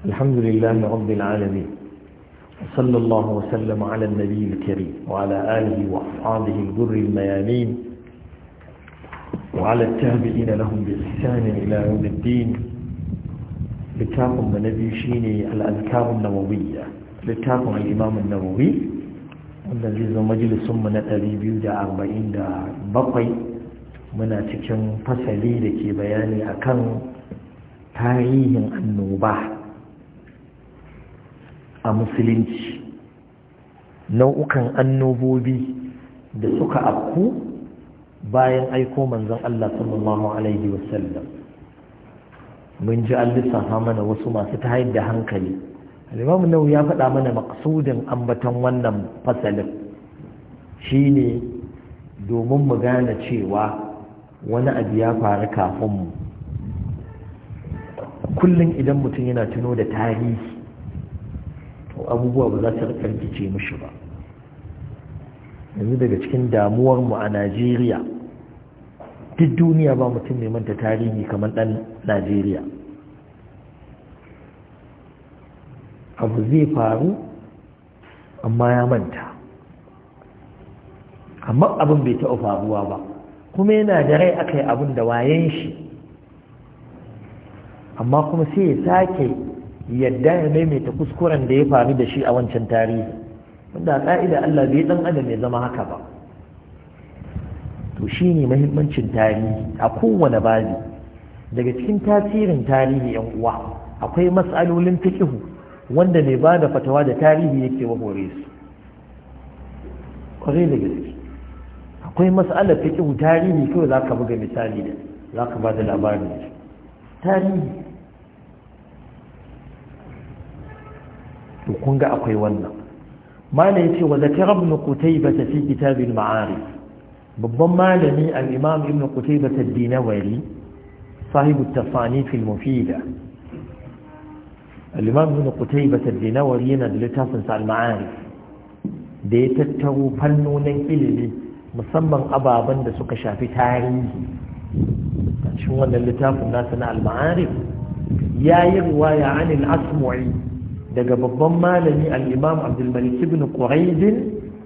الحمد لله رب العالمين صلى الله وسلم على النبي الكريم وعلى آله وأصحابه الجر الميامين وعلى التابعين لهم بإحسان إلى يوم الدين لتاكم نبي شيني الأذكار النووية لتاكم الإمام النووي الذي مجلس من الأريبيو دا أربعين دا بقي من أتكن فسلي لكي بياني أكن تاريخ النوبة a musulunci nau'ukan annobobi da suka afku bayan aiko manzon Allah sallallahu alaihi wasallam mun ji an lissafa mana wasu masu ta da hankali al-imam ya faɗa mana maqsudin ambaton wannan fasalin shine domin mu gane cewa wani abu ya faru kafin mu kullum idan mutum yana tuno da tarihi abubuwa ba za su rikice mishi ba yanzu daga cikin damuwar mu a najeriya duk duniya ba mutum ne manta tarihi kamar ɗan najeriya abu zai faru amma ya manta amma abin bai taɓa faruwa ba kuma yana da rai aka yi abin da wayen shi amma kuma sai ya sake yadda ya maimaita kuskuren da ya faru da shi a wancan tarihi wanda ka'ida Allah bai dan adam ya zama haka ba to shine mahimmancin tarihi a kowane bazi daga cikin tasirin tarihi yan uwa akwai mas'alolin fiqh wanda mai bada fatawa da tarihi yake wahore su kwarai da gaske akwai masalar fiqh tarihi kawai zaka buga misali da zaka ba da labari tarihi kun ga akwai wannan mana yace wa zakara ibn qutaybah fi kitab al-ma'arif babban malami al-imam ibn qutaybah ad-dinawari sahibu at-tasanif al-mufida al-imam ibn qutaybah ad-dinawari yana da littafin sa al-ma'arif da ya tattaro fannonin ilimi musamman ababen da suka shafi tarihi a cikin wannan littafin nasa na al-ma'arif ya yi ruwaya anil asmu'i daga babban malami alimam imam abdulmalik ibn quraidin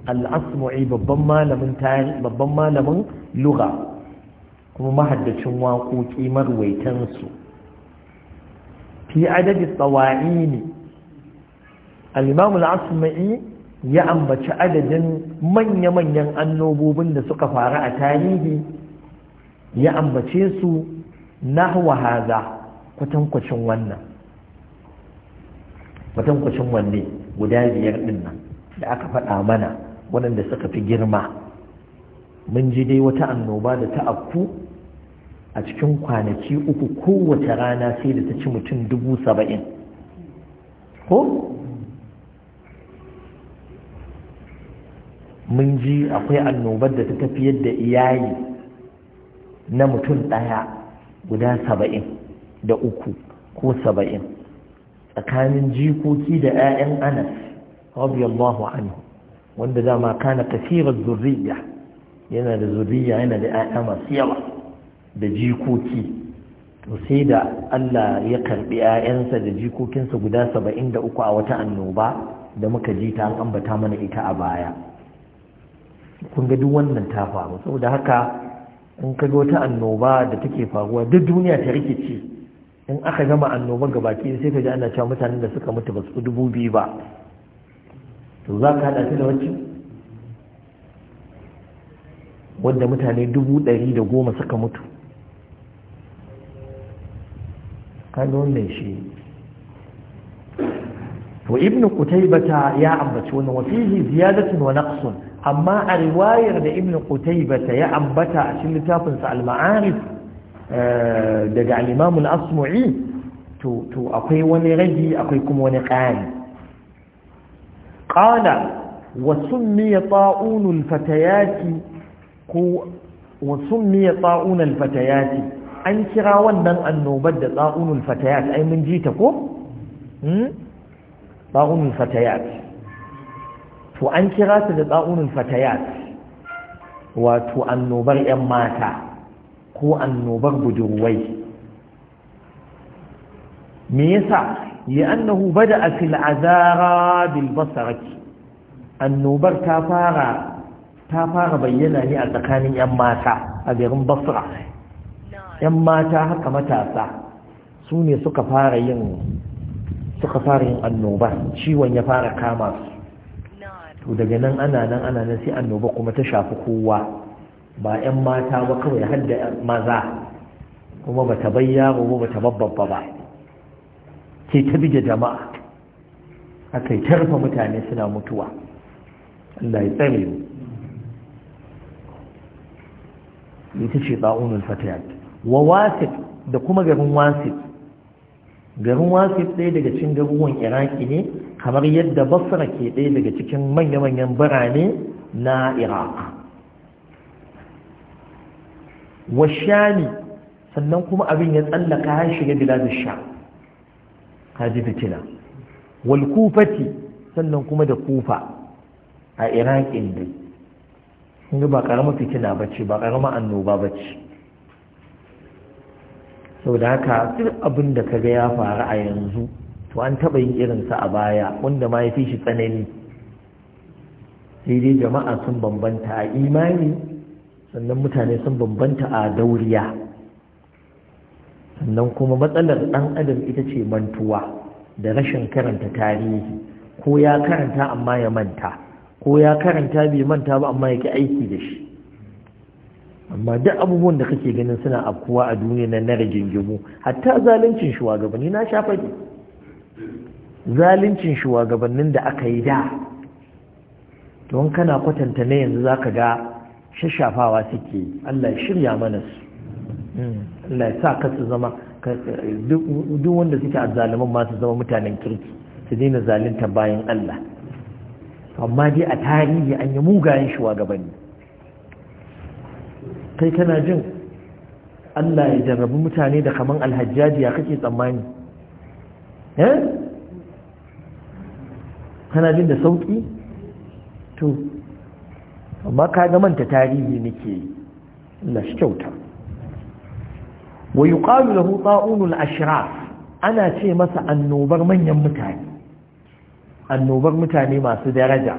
al'asmu'i babban malamin luga lugha kuma mahaddacin waƙoƙi marwaitan su fi adadi tsawa'i ne. imam al'asmu'i ya ambaci adadin manya-manyan annobobin da suka faru a tarihi ya ambace su nahwa haza kwatankwacin wannan matankwacin wanne guda biyar ɗin nan da aka faɗa mana waɗanda suka fi girma mun ji dai wata annoba da ta afku a cikin kwanaki uku kowace rana sai da ta ci mutum dubu saba'in ko mun ji akwai annobar da ta tafiyar da iyayi na mutum ɗaya guda saba'in da uku ko saba'in tsakanin jikoki da 'ya'yan anas radiyallahu anhu wanda dama kana kafirar zurriya yana da zurriya yana da 'ya'ya masu yawa da jikoki to sai da Allah ya karɓi 'ya'yansa da jikokinsa guda saba'in da uku a wata annoba da muka ji ta an ambata mana ita a baya kun ga duk wannan ta faru saboda haka in ka ga wata annoba da take faruwa duk duniya ta rikice in aka gama ga baki sai ka ji ana cewa mutanen da suka mutu ba su dubu biyu ba to za ka hada su da wacce wanda mutane dubu ɗari da goma suka mutu kano wannan shi to ibnu qutaybata ya ambaci wannan fihi ziyadatun wa naqsun amma a riwayar da ibnu qutaybata ya ambata a cikin littafin sa al-ma'arif eh, daga al-imam asmui to akwai wani ragi akwai kuma wani qani qala wasu summiya ta'un fatayati an kira wannan annobar da ta'un al-fatayat ai mun ji ta ko hmm ta'un fatayat to an kira ta da ta'un al-fatayat wato annobar 'yan mata ko annobar budurwai me yasa li'annahu annahu fil a bil basarati annobar ta fara ta fara bayyana ne a tsakanin yan mata a garin basra yan mata haka matasa su ne suka fara yin suka fara yin annoba ciwon ya fara kama su to daga nan ana nan ana nan sai annoba kuma ta shafi kowa ba 'yan mata ba kawai har da maza kuma ba ta bayya ba ba ta babbabba ba ke ta bige jama'a A yi tarfa mutane suna mutuwa Allah ya tsare mu ita ce ba'unul fatayat wa wasif da kuma garin wasif garin wasif ɗaya daga cikin garuruwan iraki ne kamar yadda basra ke ɗaya daga cikin manya-manyan birane na iraq wa shami sannan kuma abin ya tsallaka ya shiga biladun sha ji fitina wal kufati sannan kuma da kufa a iraqin dai kun ba fitila fitina ce, ba karama annoba ba ce. Sau da haka duk abin da kaga ya faru a yanzu to an taɓa yin irinsa a baya wanda ma ya fi shi tsanani sai dai jama'a sun bambanta a imani sannan mutane sun bambanta a dauriya sannan kuma matsalar ɗan adam ita ce mantuwa da rashin karanta tarihi ko ya karanta amma ya manta ko ya karanta bai manta ba amma yake aiki da shi amma duk abubuwan da kake ganin suna afkuwa a duniya na na rigingimu hatta zaluncin shugabanni na sha faɗi zaluncin shugabannin da aka yi da don kana kwatanta na yanzu za ka ga shafawa suke Allah ya shirya mana su hmm. Allah ya sa ka su zama duk wanda suke a ma su zama mutanen kirki su daina zalunta bayan Allah amma dai a tarihi an yi mugayen shi wa kai kana jin Allah ya jarrabi mutane da kaman alhajjaji ya kake tsammani eh? kana jin da sauki to amma ka ga manta tarihi nake na Allah shi kyauta wa yuqalu lahu ta'unul ashraf ana ce masa annobar manyan mutane annobar mutane masu daraja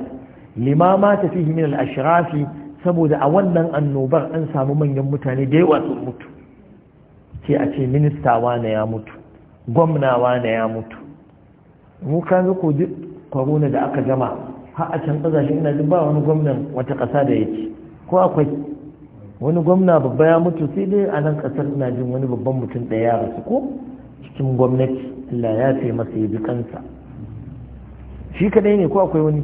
limama ta fihi min al-ashraf saboda a wannan annobar an samu manyan mutane da yawa sun mutu ce a ce minista wane ya mutu gwamna wane ya mutu mu kan ko da aka gama har a can ƙasashe ina jin ba wani gwamnan wata ƙasa da yake ko akwai wani gwamna babba ya mutu sai dai a nan ƙasar ina jin wani babban mutum ɗaya ya rasu ko cikin gwamnati Allah ya fi masa ya kansa shi kadai ne ko akwai wani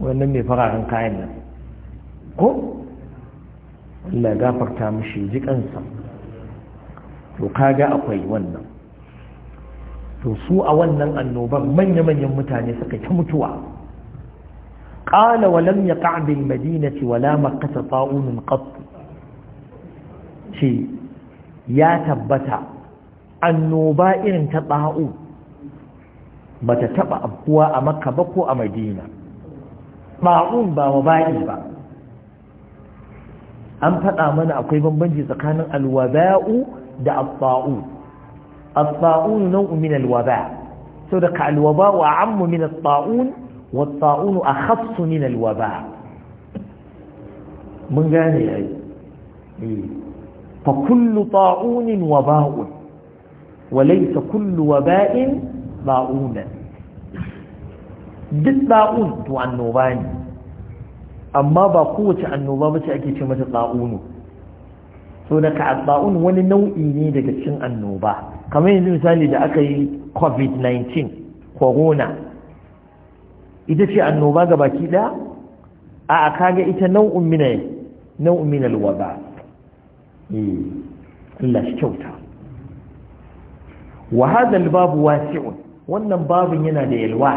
wannan mai fararen kayan nan ko Allah gafarta mishi ji kansa to kaga akwai wannan to su a wannan annobar manya-manyan mutane suka ta mutuwa قال wa يقع بالمدينة ولا مكة طاعون ya tabbata annoba irin ta إن ba ta taba abuwa a makka ba ko a madina ma'un ba waba'i ba an faɗa mana akwai bambanci tsakanin alwaba'u da abba'u الطاعون نوع من الوباء صدق الوباء أعم من الطاعون والطاعون أخص من الوباء من غاني أي فكل طاعون وباء وليس كل وباء طاعونا duk ɗa'un to annoba ne amma ba kowace annoba ba ce ake ce mata ɗa'unu so daga ɗa'un wani nau'i ne daga cin annoba kamar yanzu misali da aka yi covid-19 corona ita ce annoba ga baki ɗaya a a kaga ita nau'un mina nau'un mina eh, kyauta wa babu wasi'un wannan babin yana da yalwa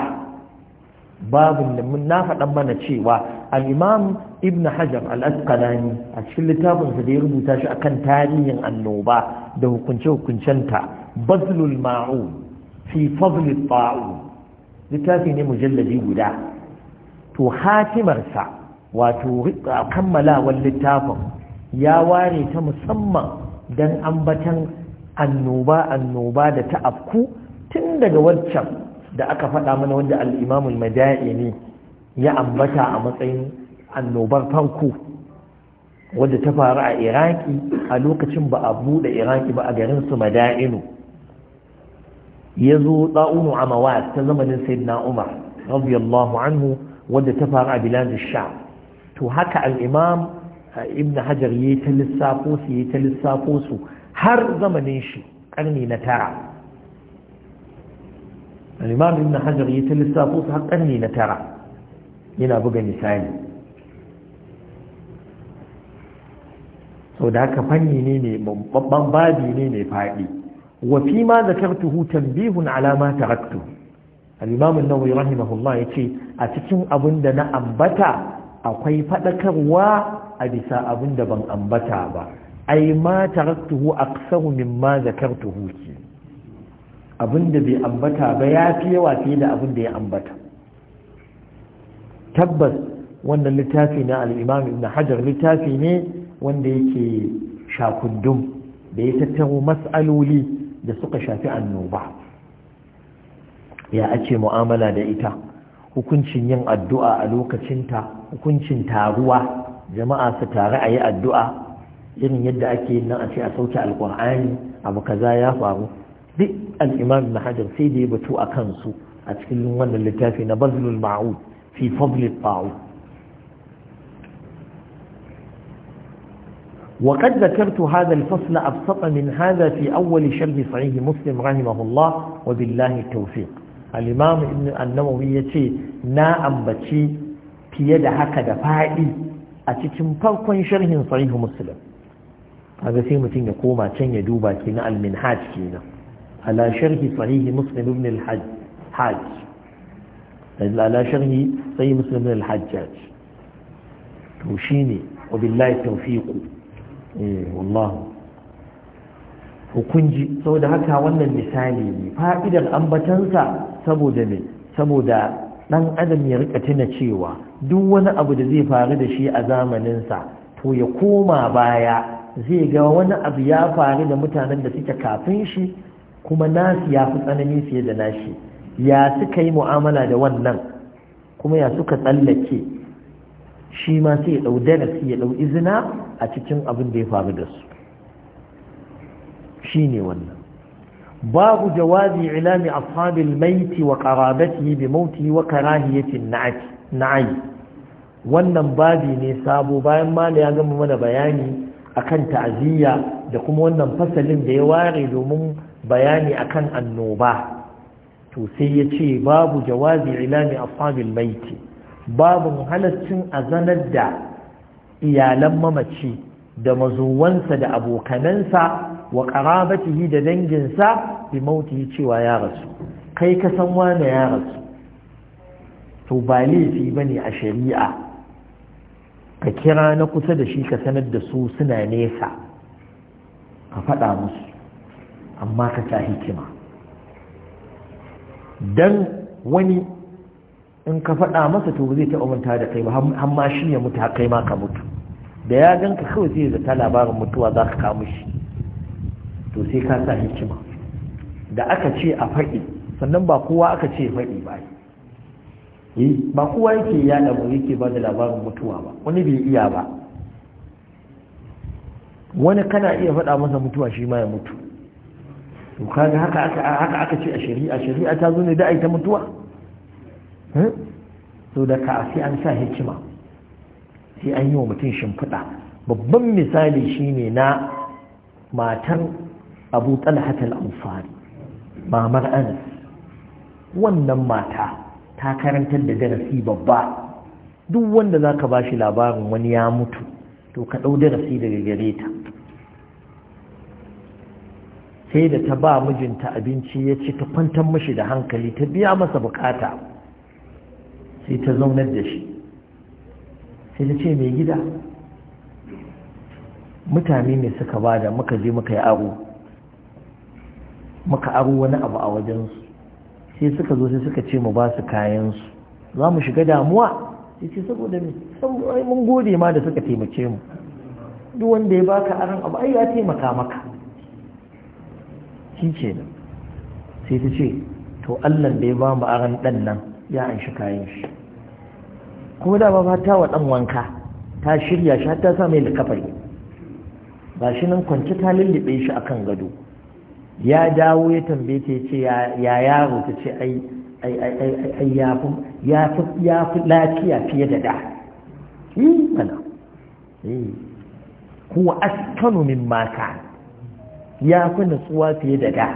babin da mun na faɗan mana cewa al-imam ibn hajar al-asqalani a cikin littafinsa sa da ya rubuta shi akan tarihin annoba da hukunce hukuncenta bazlul Ma'u fi fadlil ta'un littafi ne mujalladi guda to hatimarsa wato kammalawar littafin ya ware ta musamman don ambatan annoba annoba da ta afku tun daga waccan da aka faɗa mana wanda al'imamul ne ya ambata a matsayin annobar farko wadda ta faru a iraki a lokacin ba a buɗe iraki ba a garin su mada'inu ya zo ɗa'unu a mawad ta zamanin sayyidina umar radiyallahu anhu wadda ta faru a biladun sha to haka al'imam eh, ibn hajar ya yi ta lissafo su ya ta lissafo su har zamanin shi ƙarni na tara al'imam ibn hajar ya ta lissafo su har ƙarni na tara yana buga misali sau da haka fanni ne mai babban babi ne mai faɗi wafi ma zakartuhu tambihun alama taraktu al-imam an-nawawi rahimahullah yace a cikin abin da na ambata akwai fadakarwa a bisa abin da ban ambata ba ai ma taraktuhu aksaru mimma zakartuhu ki abin da bai ambata ba ya fi yawa fiye da abin da ya ambata tabbas wannan littafi na al-imam ibn hajar littafi ne wanda yake shakundum da ya tattaro mas'aloli da suka shafi annoba ya ake mu'amala da ita hukuncin yin addu'a a lokacinta hukuncin taruwa jama'a su tare a yi addu'a irin yadda ake nan a ce a sauke alkur'ani abu kaza ya faru duk al'imam na hajar sai da ya batu a kansu a cikin wannan littafi na bazlul ma'ud fi fadlil ta'ud وقد ذكرت هذا الفصل أبسط من هذا في أول شرح صحيح مسلم رحمه الله وبالله التوفيق الإمام النووي يتي نا أنبتي في يد هكذا فائي أتتم فرق شرح صحيح مسلم هذا في متن يقوم أتن يدوبا كنا المنحاج كنا على شرح صحيح مسلم بن الحج حاج على شرح صحيح مسلم بن الحجاج وشيني وبالله التوفيق eh wallahu hukunji saboda haka wannan misali ne fa'idar ambatansa saboda ne saboda dan adam ya rika tuna cewa duk wani abu da zai faru da shi a zamaninsa to ya koma baya zai ga wani abu ya faru da mutanen da suke kafin shi kuma nasu ya fi tsanani fiye da nashi ya suka yi mu'amala da wannan kuma ya suka tsallake shi ma sai ya ɗau darasi ya ɗau izina a cikin abin da ya faru da su shi ne wannan babu jawazi ilami ashabil maiti wa qarabatihi bi mautihi wa karahiyatin na'i wannan babi ne sabo bayan mala ya gama mana bayani akan ta'aziyya da kuma wannan fasalin da ya ware domin bayani akan annoba to sai ya ce babu jawazi ilami ashabil maiti babu halaccin a zanar da iyalan mamaci da mazuwansa da abokanansa wa ƙarabatihi da danginsa bi mautihi cewa ya rasu kai ka san wane ya rasu to ba laifi ba ne a shari'a ka kira na kusa da shi ka sanar da su suna nesa ka faɗa musu amma ka ta hikima don wani in ka faɗa masa to zai taɓa manta da kai ba har ma shi ya mutu kai ma ka mutu da ya gan ka kawai sai zata labarin mutuwa za ka kawo shi to sai ka sa hikima da aka ce a faɗi sannan ba kowa aka ce faɗi ba eh, ba kowa yake yaɗa mu yake ba da labarin mutuwa ba wani bai iya ba wani kana iya faɗa masa mutuwa shi ma ya mutu to kaga haka aka ce a shari'a shari'a ta zo ne da ai ta mutuwa Hmm? so da ka sai an sa hikima sai an yi wa mutum shimfiɗa babban misali shine na matar abu talhatal amfani mamar anas wannan mata ta karantar da darasi babba duk wanda za ka ba shi labarin wani ya mutu to ka ɗau darasi daga gare ta sai da ta ba mijinta abinci ya ci ta kwantar mashi da hankali ta biya masa bukata sai ta zaunar da shi sai ta ce mai gida mutane ne suka ba da muka je muka yi aro muka aro wani abu a wajensu sai suka zo sai suka ce mu ba su kayansu za mu shiga damuwa sai ce saboda mun gode ma da suka taimake mu duk wanda ya baka aron abu ai ya taimaka maka shi ce sai ta ce to allan da ya ba mu aron ɗan nan ya an shi kayan shi kuma da ba ta wa ɗan wanka ta shirya shi ta sa mai likafari ba shi nan kwanci ta lullube shi akan gado ya dawo ya tambaye ta ce ya yaro ta ce ai ai ai ai ya fi ya fi lafiya fiye da da yi mana yi eh. kuwa askanu min maka ya fi nutsuwa fiye da da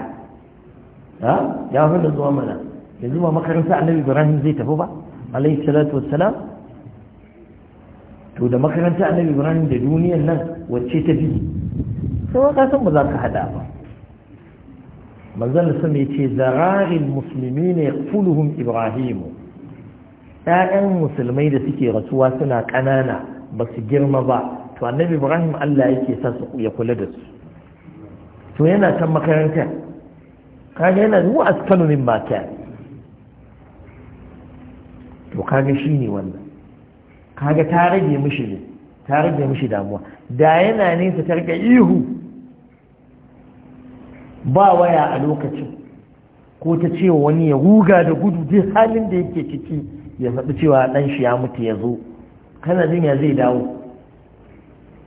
ya fi nutsuwa mana yanzu ba makarantar annabi ibrahim zai tafi ba alaihi salatu wassalam to da makaranta annabi ibrahim da duniyar nan wacce ta bi sai ka san ba za ka hada ba manzon da yace zararin musulmi ne yaqfuluhum ibrahim ƴaƴan musulmai da suke rasuwa suna ƙanana ba su girma ba to annabi ibrahim Allah yake sa su ya kula da su to yana kan makaranta kaga yana zuwa askanu min mata to kaga shine wannan kaga ta rage mishi ne ta rage mishi damuwa da yana nesa ta rage ihu ba waya a lokacin ko ta ce wani ya ruga da gudu duk halin da yake ciki ya faɗi cewa ɗan shi ya mutu ya zo kana jin ya zai dawo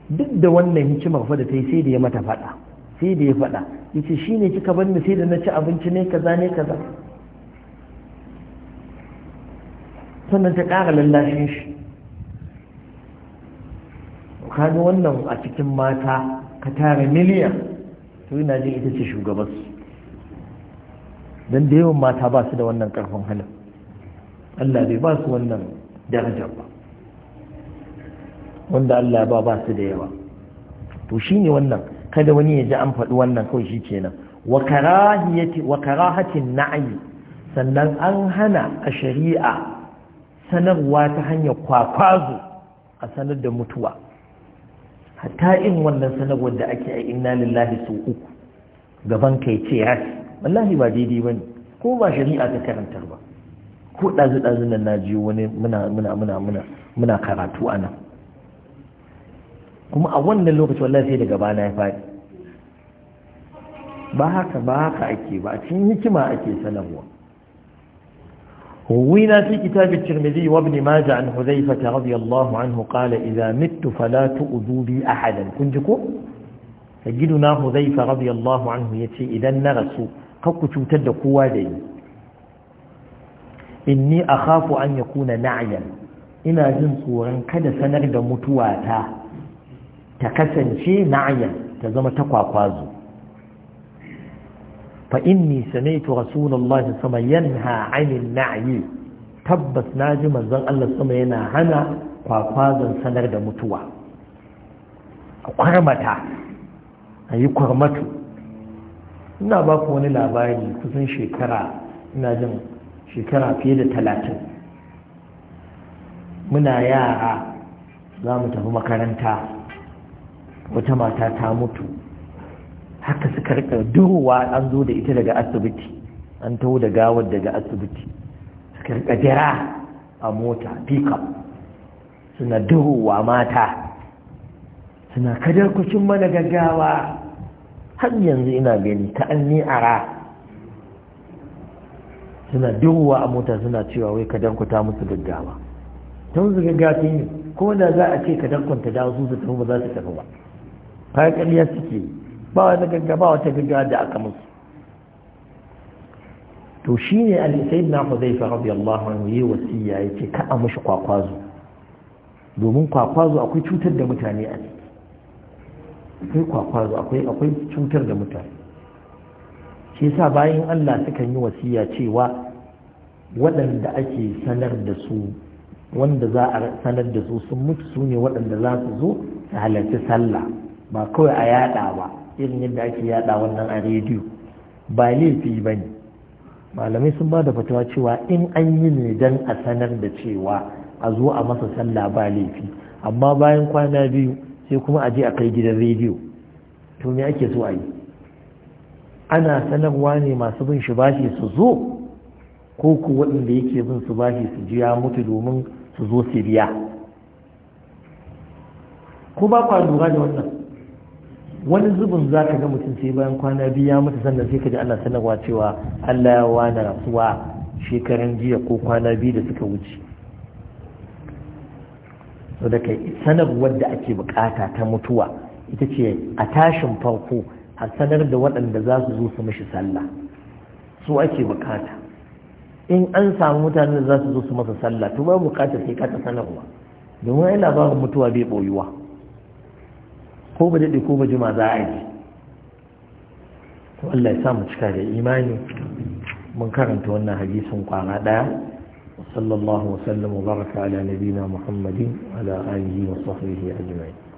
duk da wannan hikimar fada da ta yi sai da ya mata faɗa sai da ya faɗa ya ce shi ne kika bar ni sai da na ci abinci ne kaza ne kaza sannan ta ƙara lallashin shi kaga wannan a cikin mata ka tara miliyan to ina jin ita ce shugabansu don da yawan mata ba su da wannan karfin halin Allah bai ba su wannan darajar ba wanda Allah ba ba su da yawa to shine wannan kada wani ya ji an faɗi wannan kawai shi kenan wa karahatin na'ayi sannan an hana a shari'a sanarwa ta hanyar kwakwazo a sanar da mutuwa hatta in wannan sanarwar da ake a inna lillahi su uku gaban kai ce ya wallahi ba daidai ba ne ko ba shari'a ta karantar ba ko ɗazu-ɗazu nan na ji wani muna muna muna muna muna karatu a kuma a wannan lokaci wallahi sai daga bana ya faɗi ba haka ba haka ake ba a cikin hikima ake sanarwa روينا في كتاب الترمذي وابن ماجه عن حذيفة رضي الله عنه قال إذا مت فلا تؤذوا بي أحدا كنجكو سجدنا حذيفة رضي الله عنه يتي إذا نرسو قوكو تدقوا لي إني أخاف أن يكون نعيا إنا جنسورا كد سنرد متواتا تكسن شي نعيا تزم تقوى قوازو Fa inni sanaitu rasulallah sa sama yanayi a Amina Tabbas na ji mazan Allah sama yana hana kwakwazon sanar da mutuwa. A ayi kwarmatu yi kormatu. Ina baku wani labari kusan shekara, ina jin shekara fiye da talatin. Muna yara za mu tafi makaranta. Wata mata ta mutu. haka suka rika durowa an zo da ita daga asibiti an taho da gawar daga asibiti suka rika jira a mota pickup suna durowa mata suna kadar kucin mana gaggawa har yanzu ina gani ta an ni ara suna durowa a mota suna cewa wai kadar ku ta musu gaggawa tun su gaggafi ne ko da za a ce ka kwanta da su su tafi ba za su tafi ba har ƙarya suke yi ba wata gaggaba wata gaggawa da aka musu to shi ne lisai na huzaifa radiyallahu anhu yi wasiya ya ce ka a mashi kwakwazo domin kwakwazo akwai cutar da mutane a ciki akwai kwakwazo akwai cutar da mutane shi sa bayan Allah sukan yi wasiya cewa waɗanda ake sanar da su wanda za a sanar da su sun mutu su ne waɗanda za su zo su halarci sallah ba kawai a yada ba irin yadda ake yada wannan a rediyo ba laifi ba ne malamai sun ba da fatawa cewa in an yi ne don a sanar da cewa a zo a masa sallah ba laifi amma bayan kwana biyu sai kuma a je a kai gidan rediyo to me ake so a yi ana sanarwa ne masu bin shi bashi su zo ko ku waɗanda yake bin su bashi su ji mutu domin su zo su biya ko ba kwa lura da wannan wani zubin za ka ga mutum sai bayan kwana biyu ya mutu sannan sai ka ji ana sanarwa cewa Allah ya wani rasuwa shekaran jiya ko kwana biyu da suka wuce so da kai sanarwar da ake bukata ta mutuwa ita ce a tashin farko a sanar da waɗanda za su zo su mishi sallah su ake bukata in an samu mutane da za su zo su masa sallah to ba bukata sai ka ta sanarwa domin ai labarin mutuwa bai boyuwa ko ba daɗe ko ba jima za a yi to Allah ya sa mu cika da imani mun karanta wannan hadisin kwana ɗaya sallallahu wasallam wa baraka ala nabina muhammadin ala alihi wa sahbihi ajma'in